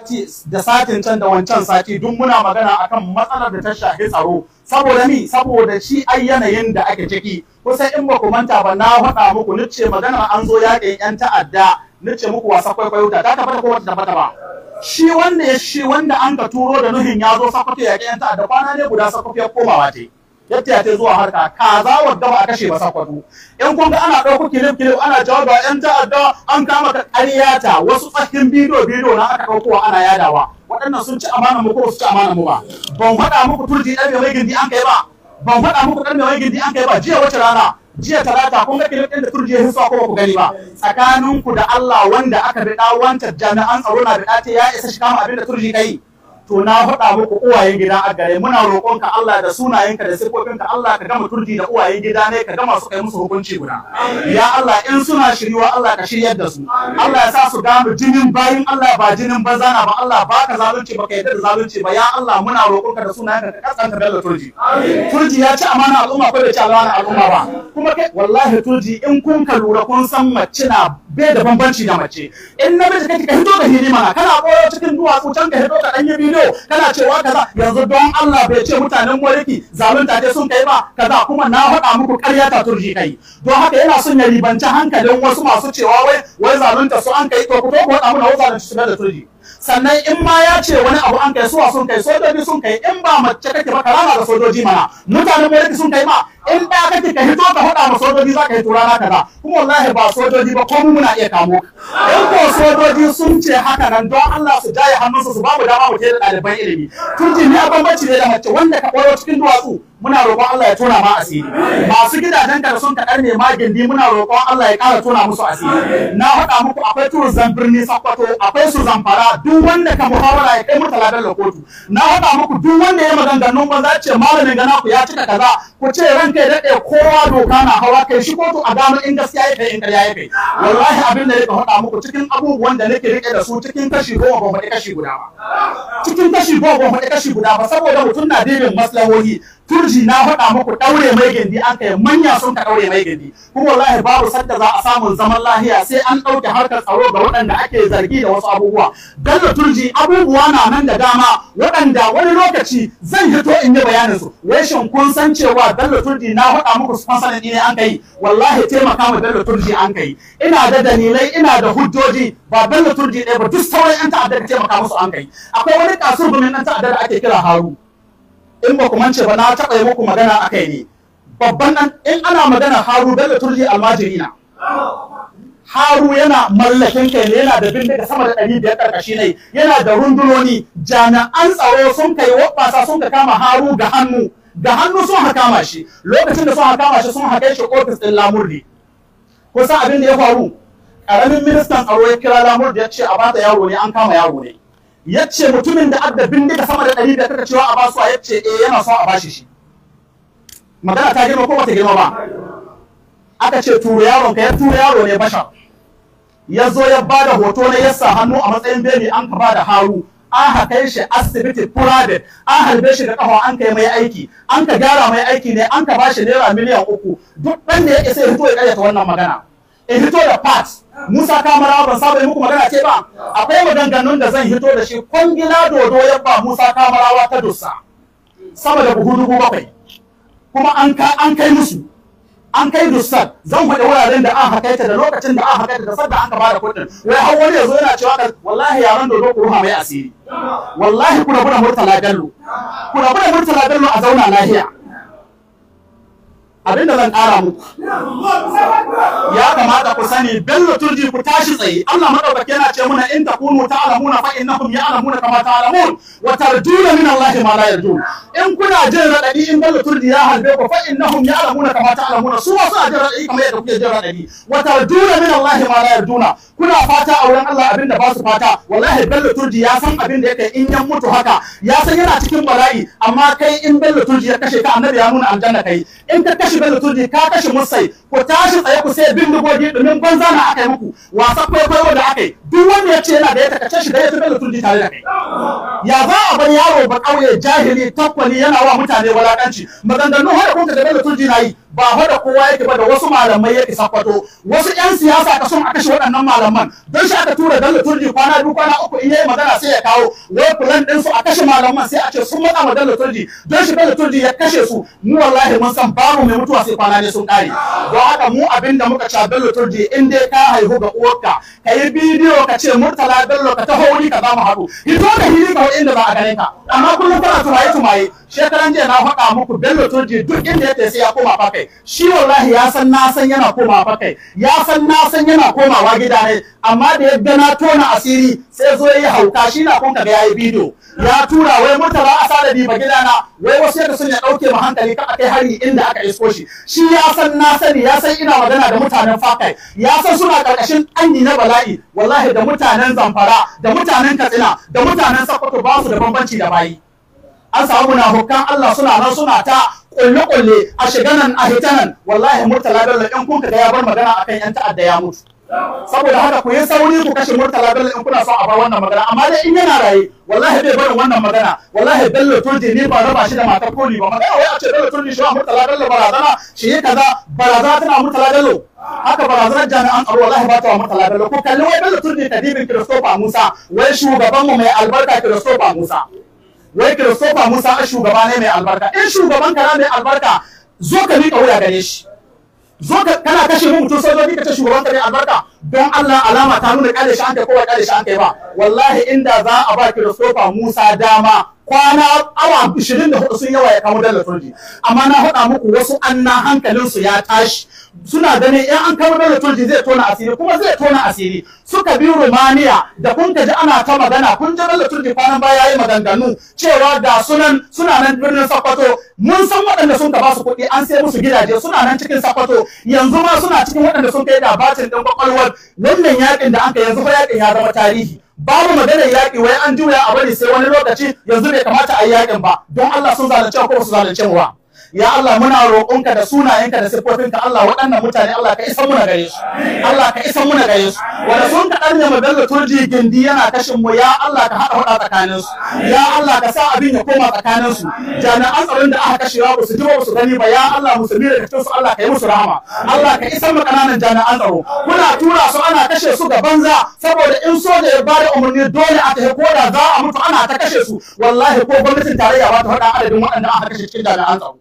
sati da satin can da wancan sati duk muna magana akan matsalar da ta shafi tsaro saboda ni saboda shi ai yanayin da ake ciki kusan in ba ku manta ba na faɗa muku ce maganar an zo yaƙin yan ta'adda ce muku wasa kwaikwayo ta ta tabbata ko wata tabbata ba shi wanda shi wanda an ka turo da nuhin ya zo sakwato yaƙin yan ta'adda kwana ne guda sakwato ya komawa ta yadda ta zuwa harka kaza wadda gaba a kashe masa sakwato in kun ga ana ɗauko kilif kilif ana jawaba yan ta'adda an kama ka ƙaryata wasu tsakin bidiyo bidiyo na aka ɗaukowa ana yadawa waɗannan sun ci amana mu ko su ci amana mu ba ban faɗa muku turji ɗan mai gindi an kai ba ban faɗa muku ɗan mai gindi an kai ba jiya wace rana jiya talata kun ga kilif ɗin da turji ya hisuwa ko ku gani ba tsakaninku da Allah wanda aka bi ɗawanta jami'an tsaro na bi ɗace ya isa shi kama abin da turji kai to na faɗa muku uwayen gida a gare muna roƙonka Allah da sunayenka da siffofinka Allah ka gama turji da uwayen gida ne ka gama su kai musu hukunci guda ya Allah in suna shiriwa Allah ka shiryar da su Allah ya sa su gano jinin bayin Allah ba jinin bazana ba Allah ba ka zalunci ba ka yadda da zalunci ba ya Allah muna roƙonka da sunayenka ka kasanta da turji turji ya ci amana al'umma ko da ci amana al'umma ba kuma kai wallahi turji in kun ka lura kun san mace na bai da bambanci da mace in namiji kake ka hito da hidima kana boyo cikin duwatsu can ka hito ka danyi bidiyo yau kana cewa kaza yanzu don Allah bai ce mutanen mulki zalunta ce sun kai ba kaza kuma na faɗa muku ƙarya ta turji kai don haka yana son ya ribanci hankalin wasu masu cewa wai wai zalunta su an kai to ku to ku faɗa mana wai su da turji sannan in ma ya ce wani abu an kai suwa sun kai sojoji sun kai in ba mace kake ba karama da sojoji mana mutanen mulki sun kai ma in da ka ka hito ka hada ma sojoji za ka yi turana kaza kuma wallahi ba sojoji ba ko muna iya kamo in ko sojoji sun ce haka nan don Allah su jaye hannunsu su babu dama mu kai da ɗaliban ilimi tun ni a bambanci ne da mace wanda ka koyo cikin duwatsu muna roƙon Allah ya tona ma asiri masu gidajen ka sun kaɗan ne ma gindi muna roƙon Allah ya ƙara tona musu asiri na haɗa muku akwai turzan birni sakwato akwai su zamfara duk wanda ka muhawara ya kai murtala da kotu na faɗa muku duk wanda ya maganganun ba za ce malamin gana ku ya cika kaza ku ce ranka ya daɗe kowa doka na hawa kai shi kotu a gano in gaskiya ya kai in ƙarya ya kai wallahi abin da ka faɗa muku cikin abubuwan da nake rike da su cikin kashi goma ba kashi guda ba cikin kashi goma ba kashi guda ba saboda mutum na dibin maslahohi turji na faɗa muku ɗaure mai gindi an kai manya sun ka ɗaure mai gindi kuma wallahi babu sadda za a samu zaman lahiya sai an ɗauke harkar tsaro ga waɗanda ake zargi da wasu abubuwa galla turji abubuwa na nan da dama waɗanda wani lokaci zan hito in yi bayanin su wai shin kun san cewa galla turji na faɗa muku sponsorin ne an kai wallahi taimaka ma galla turji an kai ina da dalilai ina da hujjoji ba galla turji ɗaya ba duk sauran 'yan ta'addar taimaka musu an kai akwai wani kasuwar gumin ɗan ta'addar da ake kira haru in ba ku mance ba na taɓa yi muku magana akai ne babban nan in ana magana haru bello turji almajiri na haru yana mallakin kai ne yana da bindiga sama da ɗari biyar ƙarƙashi ne yana da rundunoni jami'an tsaro sun kai wabasa sun ka kama haru da hannu da hannu sun haka shi lokacin da sun haka shi sun haka shi ofis ɗin lamurdi kusan abin da ya faru ƙaramin ministan tsaro ya kira lamurdi ya ce a bata yaro ne an kama yaro ne ya ce mutumin da adda bindiga sama da ɗari da cewa a basu a ya ce eh yana so a bashi shi magana ta girma ko ba ta girma ba aka ce tura yaron ka ya tura yaro ne bashar ya zo ya bada hoto na yasa hannu a matsayin bene an ka ba da haru an haka shi asibiti private an halbe shi da kafa an kai mai aiki an ka gyara mai aiki ne an ka ba shi naira miliyan uku duk ɗan da ya isa ya fito ya karyata wannan magana in hito da parts Musa Kamara ban saba muku magana ce ba akwai maganganun da zan hito da shi kwangila dodo ya ba Musa Kamarawa ta dusa sama da buhu dubu bakwai kuma an ka an kai musu an kai dussar zan faɗi wuraren da an hakaita da lokacin da an hakaita da sadda an ka bada kuɗin wai har wani yazo yana cewa wallahi yaran dodo ku ruha mai asiri wallahi ku rabu murtala bello ku rabu murtala bello a zauna lahiya abin da zan ƙara muku ya kamata ku sani bello turji ku tashi tsaye Allah madaukaki yana ce muna in takunu ta'lamuna fa innakum ya'lamuna kama ta'lamun wa tarjuna min Allah ma la yarjun in kuna jin radadi in bello turji ya halbe ku fa innahum ya'lamuna kama ta'lamuna su wasu a jin radadi kamar yadda kuke jin radadi wa tarjuna min Allah ma la yarjuna kuna fata a wurin Allah abinda basu ba su fata wallahi bello turji ya san abin da yake in yan mutu haka ya san yana cikin bala'i amma kai in bello turji ya kashe ka annabi ya nuna aljanna kai in ka kashe da turdi ka kashe musai ku tashi tsaye ku sai bindigogi domin banza na aka yi muku wasa kwaikwayo da aka yi duk wanda ya ce yana da ya takace shi da ya bello turji tare da kai ya za a bar yaro ba kauye jahili takwali yana wa mutane walakanci maganganun har da kunta da bello turji na yi ba fa da kowa yake ba da wasu malamai yake sakwato wasu yan siyasa ka son a kashe waɗannan malaman don shi aka tura dalla turji kwana biyu kwana uku in yayi magana sai ya kawo wai plan ɗin su a kashe malaman sai a ce sun matsa ma dalla turji don shi dalla turji ya kashe su mu wallahi mun san babu mai mutuwa sai kwana ne sun kare don haka mu abin da muka ca dalla turji in dai ka haihu ga uwarka ka yi bidiyo ka ce murtala bello ka taho wuri ka za mu haɗu hito da hili ka inda ba a gare ka amma kullum kana tumaye tumaye shekaran jiya na faɗa muku bello turji duk inda ya sai ya koma kai kai shi wallahi ya san na san yana komawa kai ya san na san yana komawa gida ne amma da yadda na tona asiri sai zo yayi hauka shi na kun ga yayi bidiyo ya tura wai mutara asalabi ba gida na wai wasu yadda sun ya dauke mu hankali ka kai hari inda aka isko shi shi ya san na sani ya san ina magana da mutanen fakai ya san suna karkashin anyi na bala'i wallahi da mutanen zamfara da mutanen katsina da mutanen sokoto ba su da bambanci da bayi an samu hukkan Allah suna nan suna ta kulle-kulle a shiga nan a hita nan wallahi murtala dalla in kun da ya bar magana akan yan ta'adda ya mutu saboda haka ku yi sauri ku kashe murtala dalla in kuna son a bar wannan magana amma dai in yana raye wallahi bai barin wannan magana wallahi bello turdi ne ba raba shi da matar koli ba magana wai a ce bello turdi shi wa murtala dalla barazana shi yi kaza barazana tana murtala dallo haka barazanar jami'an tsaro wallahi ba ta wa murtala dallo ku kalli wai bello turdi kadibin christopher musa wai shugabanmu mai albarka christopher musa wai Christopher Musa a shugaba ne mai albarka in shugaban kana mai albarka zo ka miƙa wuya gare shi zo ka kana kashe mu mutum sojoji ka ta shugaban ka mai albarka don Allah alama ta nuna kare shi an kai kowa kare shi an kai ba wallahi inda za a ba Christopher Musa dama kwana awa 24 sun yawa ya kamo dala turji amma na haɗa muku wasu anna su ya tashi suna ganin in an kamo da turji zai tona asiri kuma zai tona asiri suka bi Rumaniya da kun ji ana ta magana kun ji dala turji kwanan baya yayi maganganu cewa da sunan suna nan birnin Sokoto mun san waɗanda sun ba su kuɗi an sai musu gidaje suna nan cikin Sokoto yanzu ma suna cikin waɗanda sun kai da batin ɗin kwakwalwar wannan yakin da aka yanzu fa yakin ya zama tarihi babu maganar yaƙi wai an juya a bari sai wani lokaci yanzu bai kamata a yi yaƙin ba don Allah sun zalunce ko su zalunce mu ba ya Allah muna roƙonka da sunayenka da siffofinka Allah waɗannan mutane Allah ka isa muna gare su Allah ka isa muna gare su wanda sun ka danne mu bello turji gindi yana kashin mu ya Allah ka haɗa hada tsakanin su ya Allah ka sa abin ya koma tsakanin su jami'an tsaron da aka kashe ba su ji ba su gani ba ya Allah musulmi da su Allah ka yi musu rahama Allah ka isa mu kananan jami'an tsaro kuna tura su ana kashe su ga banza saboda in soja ya bada umarni dole a tafi ko da za a mutu ana ta kashe su wallahi ko gwamnatin tarayya ba ta faɗa adadin waɗanda aka kashe cikin jami'an tsaro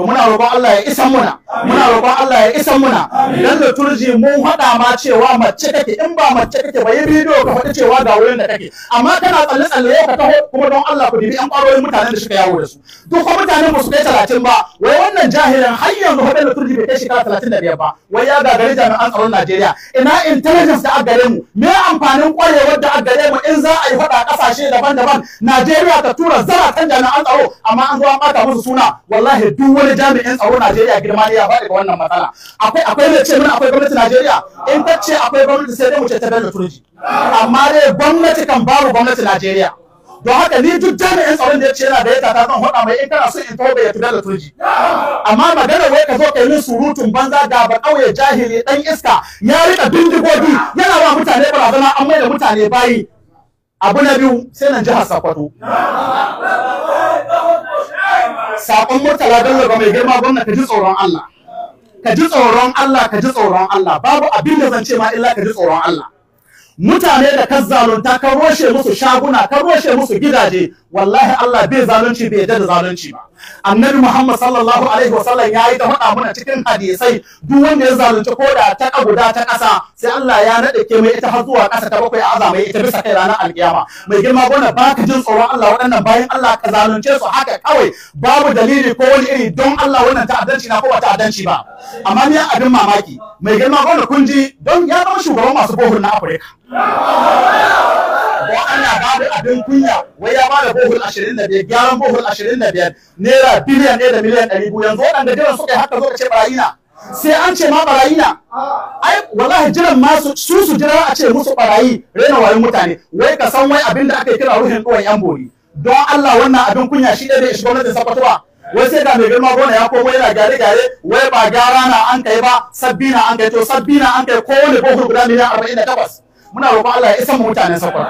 to muna roƙon Allah ya isan muna muna roƙon Allah ya isan muna dan da turji mun haɗa ma cewa mace take in ba mace take ba yi bidiyo ka faɗi cewa ga wurin da take amma kana tsalle tsalle ka taho kuma don Allah ku dibi yan ƙwarorin mutanen da suka yawo da su duk kuma mutanen ba su kai talatin ba wai wannan jahilan har yanzu haɗin da turji bai kai shekara talatin da biyar ba wai ya gagari jami'an tsaron Najeriya ina intelligence da aggare mu me amfanin ƙwarewar da aggare mu in za a yi faɗa ƙasashe daban-daban Najeriya ta tura zaratan jami'an tsaro amma an zo an ɓata musu suna wallahi duk wani wani jami'in tsaro Najeriya girma ne ya faɗi ga wannan matsala akwai akwai ne ce mana akwai gwamnati Najeriya in ta ce akwai gwamnati sai dai mu ce ta da Turji amma dai gwamnati kan babu gwamnati Najeriya don haka ni duk jami'in tsaron da ya ce yana da yata ta zan hoda mai in kana so in tobe da ya tudar da turji amma magana wai ka zo ka yi surutun banza da ba kauye jahili dan iska ya rika bindigogi yana ba mutane barazana an mai da mutane bayi abu na biyu sai nan jihar Sokoto sakon murtala don daga mai girma gwamna ka ji tsoron Allah ka ji tsoron Allah ka ji tsoron Allah babu abin da zan ce ma illa ka ji tsoron Allah mutane da ka zalunta ka roshe musu shaguna ka roshe musu gidaje wallahi Allah bai zalunci bai yadda da zalunci ba annabi Muhammad sallallahu alaihi wasallam yi ta faɗa mana cikin hadisai duk wanda ya zalunci ko da ta guda ta ƙasa sai Allah ya nade ke mai ita har zuwa ƙasa ta bakwai azama ita bisa kai ranar alkiyama mai girma gona baka jin tsoron Allah waɗannan bayan Allah ka zalunce su haka kawai babu dalili ko wani iri don Allah wannan ta'addanci na ko ba ta'addanci ba amma ni abin mamaki mai girma gona kun ji don ya zama shugaban masu bohur na Afirka don Allah babu abin kunya wai ya bada bohol 25 gyaran bohol 25 naira biliyan ɗaya da miliyan ɗari 200 yanzu waɗanda jiran suka yi haka zo ka ce barayi sai an ce ma barayi na ai wallahi jiran ma su su jira a ce musu barayi rena wayin mutane wai ka san wai abin da aka kira ruhin ɗuwan yan bori don Allah wannan abin kunya shi ɗaya bai ishi gwamnatin sakwatowa wai sai da mai girma gona ya komo yana gyare-gyare? wai ba gyara na an kai ba sabbi na an kai to sabbi na an kai kowane bohol guda miliyan arba'in da takwas muna roƙon Allah ya isa mu mutanen Sokoto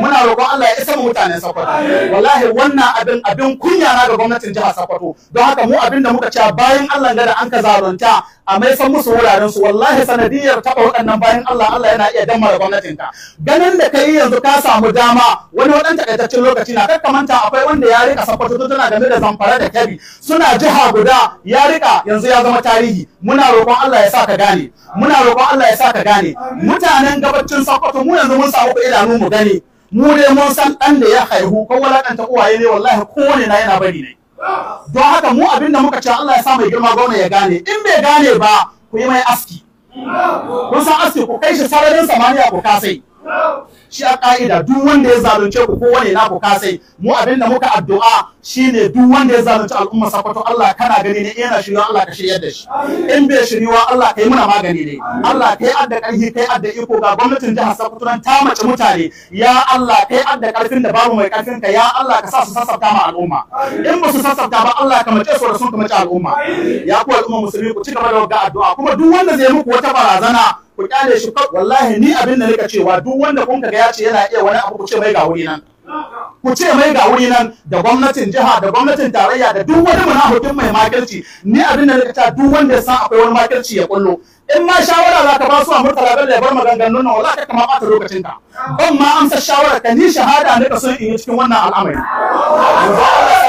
muna roƙon Allah ya isa mu mutanen Sokoto wallahi wannan abin abin kunya na ga gwamnatin jihar Sokoto don haka mu abin da muka cewa bayan Allah da an ka zalunta a mai san musu wuraren su wallahi sanadiyar taba waɗannan bayan Allah Allah yana iya da gwamnatin ka ganin da kai yanzu ka samu dama wani waɗan takaitaccen lokaci na kakkamanta akwai wanda ya rika Sokoto tana game da zamfara da Kebbi suna jiha guda ya rika yanzu ya zama tarihi muna roƙon Allah ya sa ka gane muna roƙon Allah ya sa ka gane mutanen gabacin Sokoto to mu yanzu mun samu idanu mu gani mu dai mun san dan da ya haihu ko walakanta uwaye ne wallahi kowane na yana bari ne don haka mu abinda muka ce Allah ya sa mai girma gwamna ya gane in bai gane ba ku yi mai aski kun san aski ku kai shi sararin samaniya ku kasai shi a ka'ida duk wanda ya zalunce ku ko wani naku sai mu abin da muka addu'a shi ne duk wanda ya zalunci al'umma sakwato Allah kana gani ne yana shirya Allah ka shiryar da shi in bai shiriwa Allah kai muna magani ne Allah kai adda karfi kai adda iko ga gwamnatin jihar sakwato nan ta mace mutane ya Allah kai adda ƙarfin da babu mai ƙarfin ka ya Allah ka sa su sassafta ma al'umma in ba su sassafta ba Allah ka mace su da ka mace al'umma ya ku al'umma musulmi ku ci gaba da addu'a kuma duk wanda zai muku wata barazana ku kyale shi wallahi ni abin da nika cewa duk wanda kun kaga ya ce yana iya wani abu ku ce mai ga wuri nan ku ce mai ga wuri nan da gwamnatin jiha da gwamnatin tarayya da duk wani munafikin mai makirci ni abin da nika cewa duk wanda san akwai wani makirci ya kullo in ma shawara za ka ba su a murtala bello ya bar maganganun nan wallahi kama ɓata lokacin ka ban ma amsa shawara ka ni shahada ne ka son in yi cikin wannan al'amari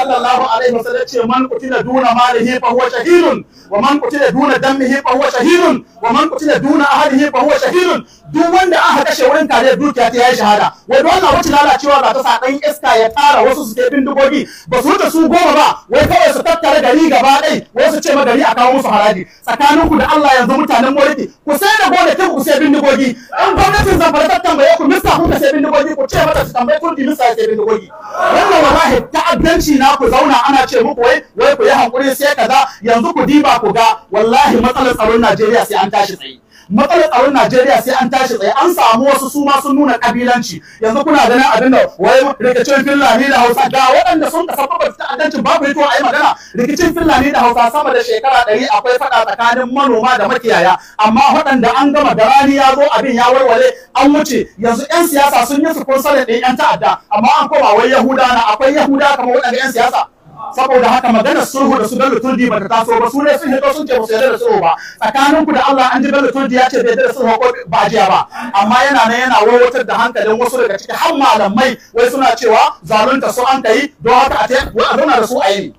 sallallahu alaihi wasallam ce man qutila duna malihi fa huwa shahidun wa man qutila duna damihi fa huwa shahidun wa man qutila duna ahlihi fa huwa shahidun duk wanda aka kashe wurin kare dukiya ta yayi shahada wai don Allah wace lalacewa ba ta sa dan iska ya tara wasu su ke bindigogi ba su wuce su goma ba wai kawai su tattara gari gaba ɗai wai su ce ma gari a kawo musu haraji tsakaninku da Allah yanzu mutane mutanen Moriti ku sai da gode ku sai bindigogi an gwamnatin zamfara ta tambaye ku mista ku sai bindigogi ku ce mata su tambaye kurdi mista ya sai bindigogi wannan wallahi ta'addanci na ku zauna ana ce muku wai wai ku yi hakuri sai kaza yanzu ku diba ku ga wallahi matsalar tsaron Najeriya sai an tashi tsaye matsalar tsaron Najeriya sai an tashi tsaye an samu wasu su ma sun nuna kabilanci yanzu kuna ganin abin da wai rikicin Finlani da Hausa da waɗanda sun kasabba ta'addancin babu yito a yi magana rikicin fulani da hausa sama da shekara ɗari akwai faɗa tsakanin manoma da makiyaya amma waɗanda an gama da rani ya zo abin ya warware an wuce yanzu 'yan siyasa sun yi sponsorin ɗin 'yan ta'adda amma an koma wai yahuda na akwai yahuda kamar waɗanda 'yan siyasa saboda haka maganar sulhu da su bello turdi ba ta taso ba su ne sun hito sun ce ba su yarda da sulhu ba tsakaninku da Allah an ji bello turdi ya ce bai da sulhu ko ba jiya ba amma yana nan yana wawatar da hankalin wasu daga ciki har malamai wai suna cewa zalunta su an kai don haka a zauna da su a yi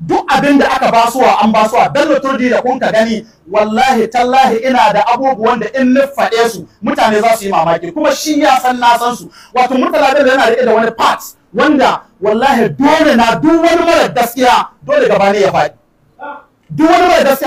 duk abin da aka basuwa an basuwa bello turdi da kun ka gani wallahi tallahi ina da abubuwan da in na su mutane za su yi mamaki kuma shi ya san na san su wato mutala bello yana rike da wani part wanda wallahi dole na duk wani mara gaskiya dole gaba ne ya faɗi duk wani mara gaskiya